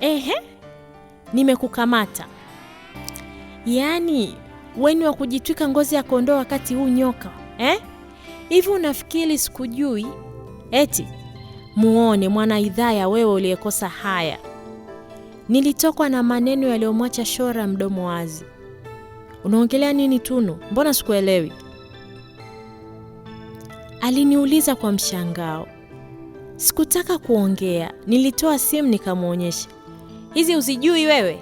Ehe, nimekukamata. Yaani weni wa kujitwika ngozi ya kondoo wakati huu nyoka eh? hivi eh? Unafikiri sikujui? Eti muone mwana idhaya wewe uliyekosa haya. Nilitokwa na maneno yaliyomwacha Shora mdomo wazi. Unaongelea nini Tunu? Mbona sikuelewi? Aliniuliza kwa mshangao. Sikutaka kuongea, nilitoa simu nikamwonyesha hizi uzijui wewe?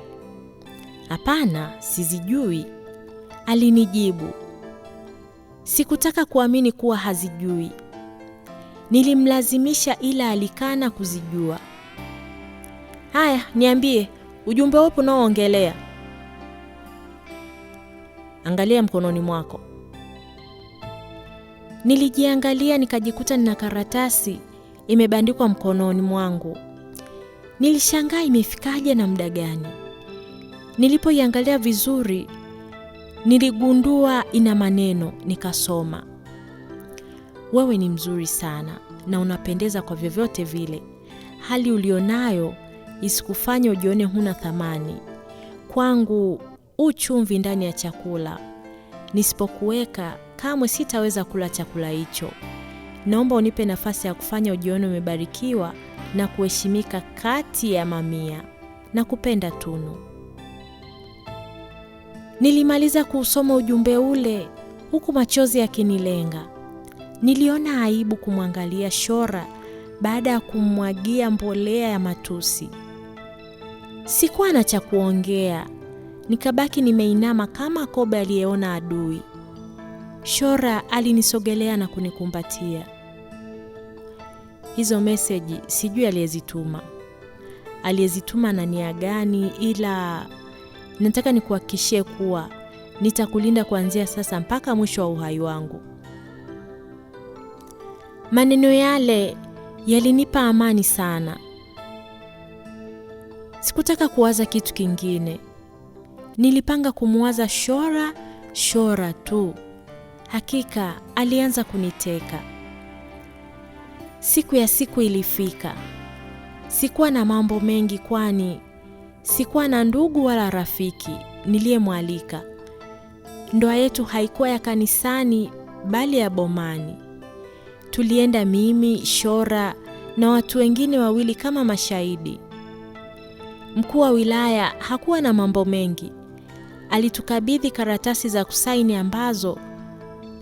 Hapana, sizijui, alinijibu. Sikutaka kuamini kuwa hazijui. Nilimlazimisha, ila alikana kuzijua. Haya, niambie ujumbe wapo unaoongelea. Angalia mkononi mwako. Nilijiangalia nikajikuta nina karatasi imebandikwa mkononi mwangu. Nilishangaa imefikaje na muda gani. Nilipoiangalia vizuri, niligundua ina maneno, nikasoma: wewe ni mzuri sana na unapendeza kwa vyovyote vile. Hali ulionayo isikufanye ujione huna thamani. Kwangu u chumvi ndani ya chakula, nisipokuweka kamwe sitaweza kula chakula hicho. Naomba unipe nafasi ya kufanya ujione umebarikiwa na kuheshimika kati ya mamia na kupenda tunu. Nilimaliza kuusoma ujumbe ule huku machozi yakinilenga. Niliona aibu kumwangalia Shora baada ya kumwagia mbolea ya matusi. Sikuwa na cha kuongea, nikabaki nimeinama kama kobe aliyeona adui. Shora alinisogelea na kunikumbatia hizo meseji sijui aliyezituma aliyezituma na nia gani, ila nataka nikuhakikishie kuwa nitakulinda kuanzia sasa mpaka mwisho wa uhai wangu. Maneno yale yalinipa amani sana. Sikutaka kuwaza kitu kingine, nilipanga kumwaza Shora Shora tu. Hakika alianza kuniteka. Siku ya siku ilifika. Sikuwa na mambo mengi, kwani sikuwa na ndugu wala rafiki niliyemwalika. Ndoa yetu haikuwa ya kanisani, bali ya bomani. Tulienda mimi, Shora na watu wengine wawili kama mashahidi. Mkuu wa wilaya hakuwa na mambo mengi, alitukabidhi karatasi za kusaini ambazo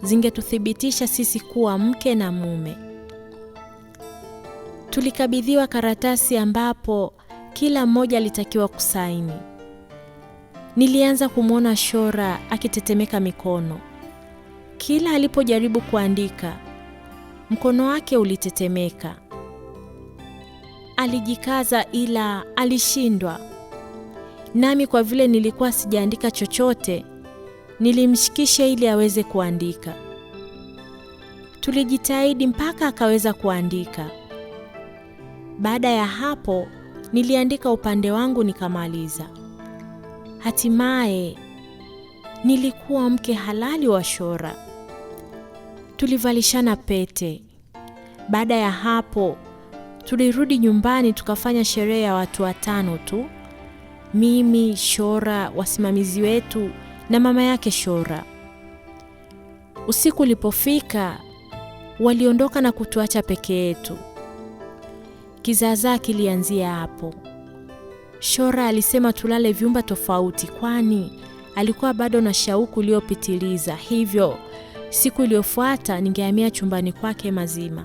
zingetuthibitisha sisi kuwa mke na mume tulikabidhiwa karatasi ambapo kila mmoja alitakiwa kusaini. Nilianza kumwona Shora akitetemeka mikono. Kila alipojaribu kuandika, mkono wake ulitetemeka. Alijikaza ila alishindwa. Nami kwa vile nilikuwa sijaandika chochote, nilimshikisha ili aweze kuandika. Tulijitahidi mpaka akaweza kuandika. Baada ya hapo niliandika upande wangu nikamaliza. Hatimaye nilikuwa mke halali wa Shora. Tulivalishana pete. Baada ya hapo tulirudi nyumbani tukafanya sherehe ya watu watano tu, mimi, Shora, wasimamizi wetu na mama yake Shora. Usiku ulipofika, waliondoka na kutuacha peke yetu. Kizaazaa kilianzia hapo. Shora alisema tulale vyumba tofauti, kwani alikuwa bado na shauku iliyopitiliza. Hivyo siku iliyofuata ningehamia chumbani kwake Mazima.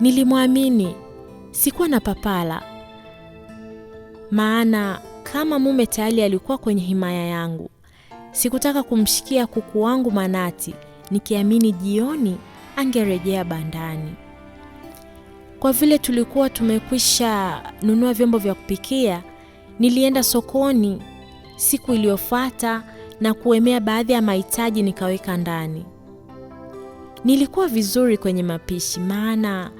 Nilimwamini, sikuwa na papala, maana kama mume tayari alikuwa kwenye himaya yangu. Sikutaka kumshikia kuku wangu Manati nikiamini jioni angerejea bandani. Kwa vile tulikuwa tumekwisha nunua vyombo vya kupikia, nilienda sokoni siku iliyofuata na kuemea baadhi ya mahitaji nikaweka ndani. Nilikuwa vizuri kwenye mapishi, maana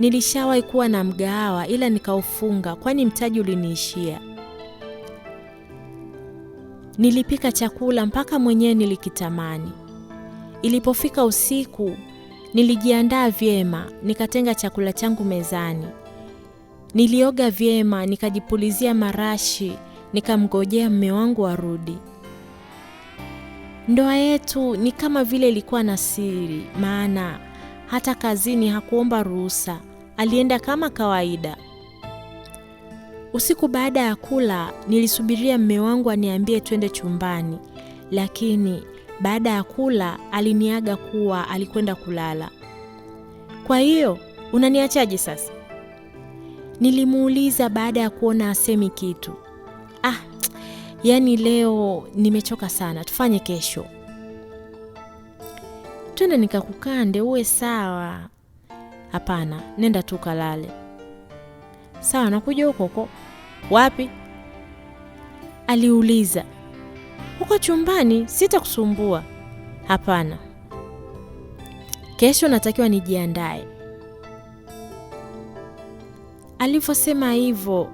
nilishawahi kuwa na mgahawa ila nikaufunga, kwani mtaji uliniishia. Nilipika chakula mpaka mwenyewe nilikitamani. Ilipofika usiku Nilijiandaa vyema, nikatenga chakula changu mezani. Nilioga vyema, nikajipulizia marashi, nikamgojea mme wangu arudi. Ndoa yetu ni kama vile ilikuwa na siri, maana hata kazini hakuomba ruhusa, alienda kama kawaida. Usiku baada ya kula, nilisubiria mme wangu aniambie twende chumbani, lakini baada ya kula aliniaga kuwa alikwenda kulala. Kwa hiyo unaniachaje sasa? Nilimuuliza baada ya kuona asemi kitu. Ah, yaani leo nimechoka sana, tufanye kesho. Twende nikakukande uwe sawa. Hapana, nenda tu kalale. Sawa, nakuja huko huko. Wapi? Aliuliza huko chumbani, sitakusumbua. Hapana, kesho natakiwa nijiandae. Alivyosema hivyo,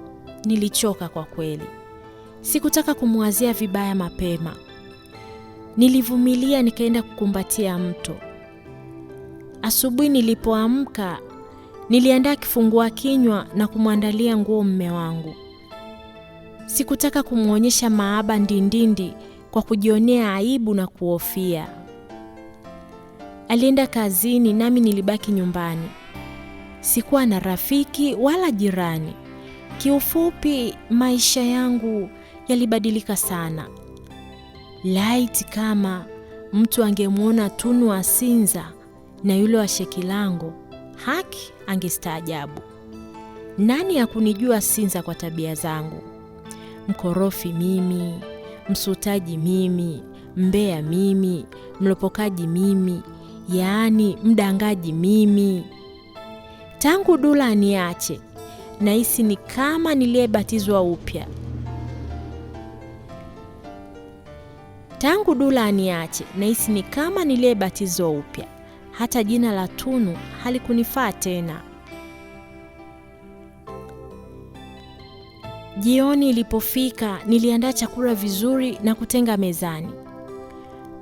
nilichoka kwa kweli. Sikutaka kumwazia vibaya mapema. Nilivumilia, nikaenda kukumbatia mto. Asubuhi nilipoamka, niliandaa kifungua kinywa na kumwandalia nguo mme wangu. Sikutaka kumwonyesha maaba ndindindi kwa kujionea aibu na kuhofia. Alienda kazini nami nilibaki nyumbani. Sikuwa na rafiki wala jirani. Kiufupi, maisha yangu yalibadilika sana. Laiti kama mtu angemwona Tunu wa Sinza na yule wa Shekilango, haki angestaajabu. Nani hakunijua Sinza kwa tabia zangu? mkorofi mimi, msutaji mimi, mbea mimi, mlopokaji mimi, yaani mdangaji mimi. Tangu Dula aniache, nahisi ni kama niliyebatizwa upya. Tangu Dula aniache, nahisi ni kama niliyebatizwa upya. Hata jina la Tunu halikunifaa tena. Jioni ilipofika, niliandaa chakula vizuri na kutenga mezani.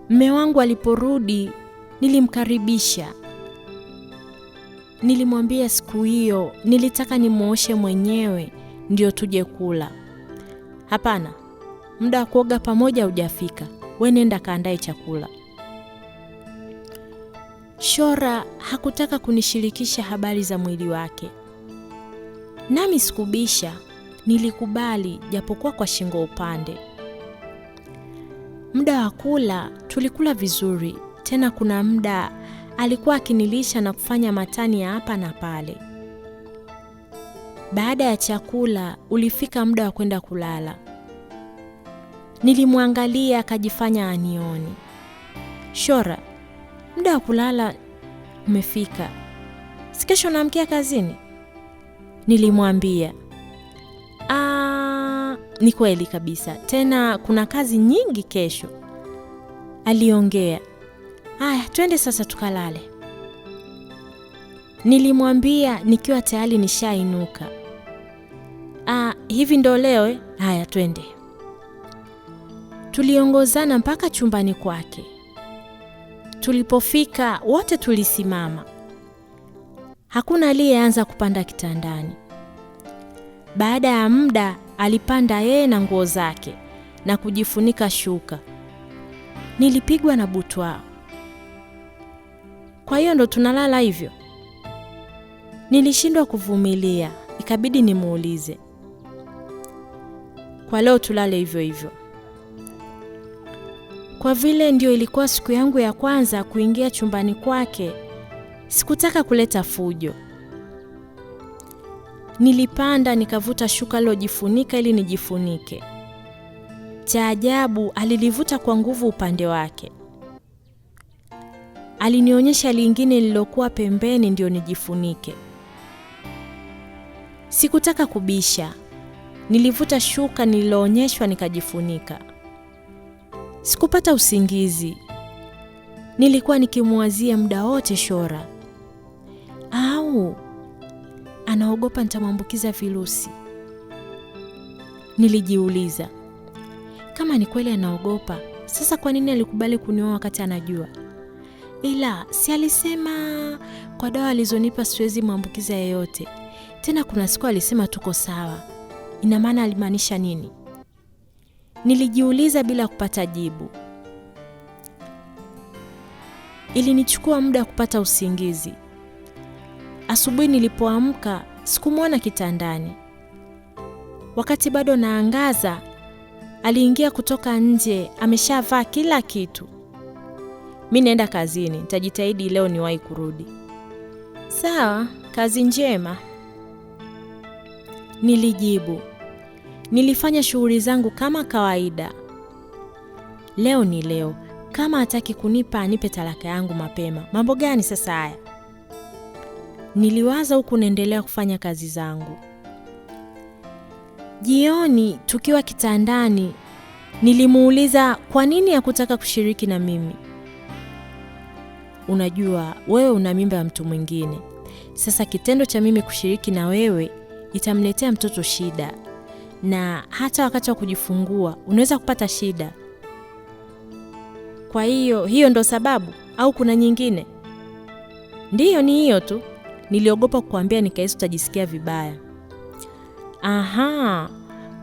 Mme wangu aliporudi, nilimkaribisha. Nilimwambia siku hiyo nilitaka nimwoshe mwenyewe ndio tuje kula. Hapana, muda wa kuoga pamoja hujafika, we nenda kaandae chakula. Shora hakutaka kunishirikisha habari za mwili wake, nami sikubisha. Nilikubali japokuwa kwa shingo upande. Muda wa kula tulikula vizuri, tena kuna muda alikuwa akinilisha na kufanya matani ya hapa na pale. Baada ya chakula ulifika muda wa kwenda kulala. Nilimwangalia akajifanya anioni. Shora, muda wa kulala umefika, si kesho naamkia kazini? Nilimwambia. Aa, ah, ni kweli kabisa, tena kuna kazi nyingi kesho, aliongea. Haya, twende sasa tukalale, nilimwambia nikiwa tayari nishainuka. Ah, hivi ndo leo? Eh? Haya, twende. Tuliongozana mpaka chumbani kwake. Tulipofika wote tulisimama, hakuna aliyeanza kupanda kitandani. Baada ya muda alipanda yeye na nguo zake na kujifunika shuka. Nilipigwa na butwaa. Kwa hiyo ndo tunalala hivyo? Nilishindwa kuvumilia, ikabidi nimuulize. Kwa leo tulale hivyo hivyo. Kwa vile ndio ilikuwa siku yangu ya kwanza kuingia chumbani kwake, sikutaka kuleta fujo. Nilipanda nikavuta shuka lilojifunika ili nijifunike. Cha ajabu, alilivuta kwa nguvu upande wake. Alinionyesha lingine lililokuwa pembeni ndio nijifunike. Sikutaka kubisha, nilivuta shuka nililoonyeshwa nikajifunika. Sikupata usingizi, nilikuwa nikimwazia muda wote Shora au anaogopa nitamwambukiza virusi. Nilijiuliza kama ni kweli anaogopa, sasa kwa nini alikubali kunioa wakati anajua? Ila si alisema kwa dawa alizonipa siwezi mwambukiza yeyote. Tena kuna siku alisema tuko sawa. Ina maana alimaanisha nini? Nilijiuliza bila kupata jibu. Ilinichukua muda kupata usingizi. Asubuhi nilipoamka sikumwona kitandani. Wakati bado naangaza, aliingia kutoka nje, ameshavaa kila kitu. Mi naenda kazini, nitajitahidi leo niwahi kurudi. Sawa, kazi njema, nilijibu. Nilifanya shughuli zangu kama kawaida. Leo ni leo, kama hataki kunipa anipe talaka yangu mapema. Mambo gani sasa haya? Niliwaza huku naendelea kufanya kazi zangu. Jioni tukiwa kitandani, nilimuuliza kwa nini hakutaka kushiriki na mimi. Unajua wewe una mimba ya mtu mwingine, sasa kitendo cha mimi kushiriki na wewe itamletea mtoto shida, na hata wakati wa kujifungua unaweza kupata shida. Kwa hiyo hiyo ndo sababu au kuna nyingine? Ndiyo, ni hiyo tu. Niliogopa kukuambia, nikahisi utajisikia vibaya. Aha,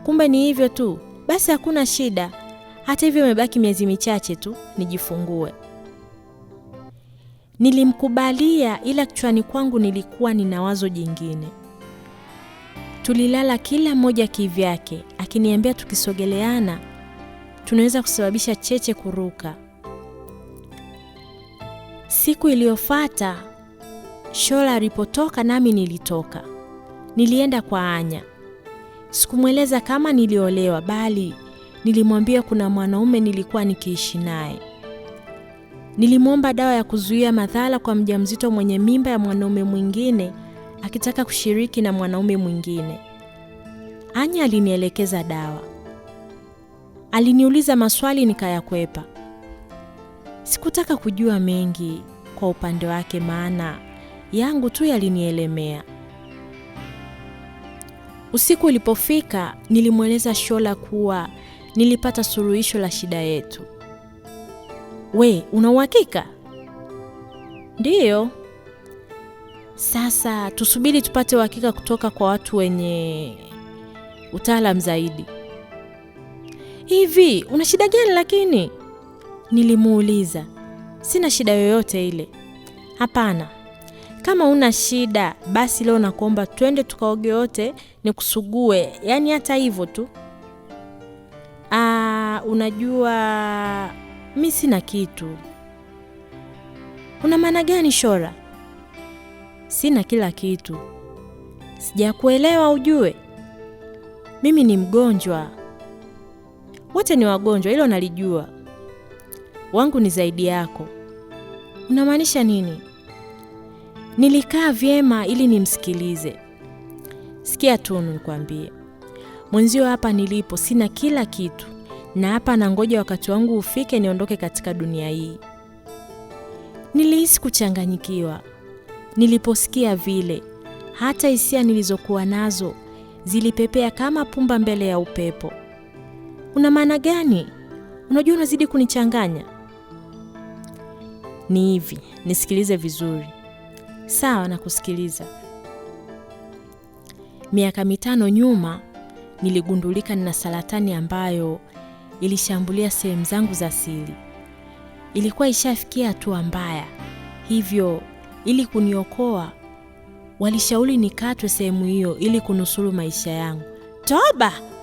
kumbe ni hivyo tu. Basi hakuna shida. Hata hivyo, imebaki miezi michache tu nijifungue. Nilimkubalia, ila kichwani kwangu nilikuwa nina wazo jingine. Tulilala kila mmoja kivyake, akiniambia tukisogeleana tunaweza kusababisha cheche kuruka. Siku iliyofuata Shola alipotoka nami nilitoka. Nilienda kwa Anya. Sikumweleza kama niliolewa, bali nilimwambia kuna mwanaume nilikuwa nikiishi naye. Nilimwomba dawa ya kuzuia madhara kwa mjamzito mwenye mimba ya mwanaume mwingine akitaka kushiriki na mwanaume mwingine. Anya alinielekeza dawa. Aliniuliza maswali nikayakwepa. Sikutaka kujua mengi kwa upande wake, maana yangu tu yalinielemea. Usiku ulipofika, nilimweleza Shola kuwa nilipata suluhisho la shida yetu. We, una uhakika? Ndiyo. Sasa tusubiri tupate uhakika kutoka kwa watu wenye utaalamu zaidi. Hivi una shida gani lakini? Nilimuuliza. Sina shida yoyote ile. Hapana, kama una shida basi, leo nakuomba twende tukaoge wote, kusugue yaani hata hivyo tu. Aa, ah, unajua mi sina kitu. Una maana gani Shora? Sina kila kitu. Sijakuelewa ujue, mimi ni mgonjwa. Wote ni wagonjwa, hilo nalijua. Wangu ni zaidi yako. Unamaanisha nini? Nilikaa vyema ili nimsikilize. Sikia Tunu, nikwambie mwenzio, hapa nilipo sina kila kitu, na hapa nangoja wakati wangu ufike niondoke katika dunia hii. Nilihisi kuchanganyikiwa niliposikia vile, hata hisia nilizokuwa nazo zilipepea kama pumba mbele ya upepo. Una maana gani? Unajua unazidi kunichanganya. Ni hivi, nisikilize vizuri. Sawa na kusikiliza. Miaka mitano nyuma niligundulika nina saratani ambayo ilishambulia sehemu zangu za siri. Ilikuwa ishafikia hatua mbaya, hivyo ili kuniokoa walishauri nikatwe sehemu hiyo ili kunusuru maisha yangu. Toba!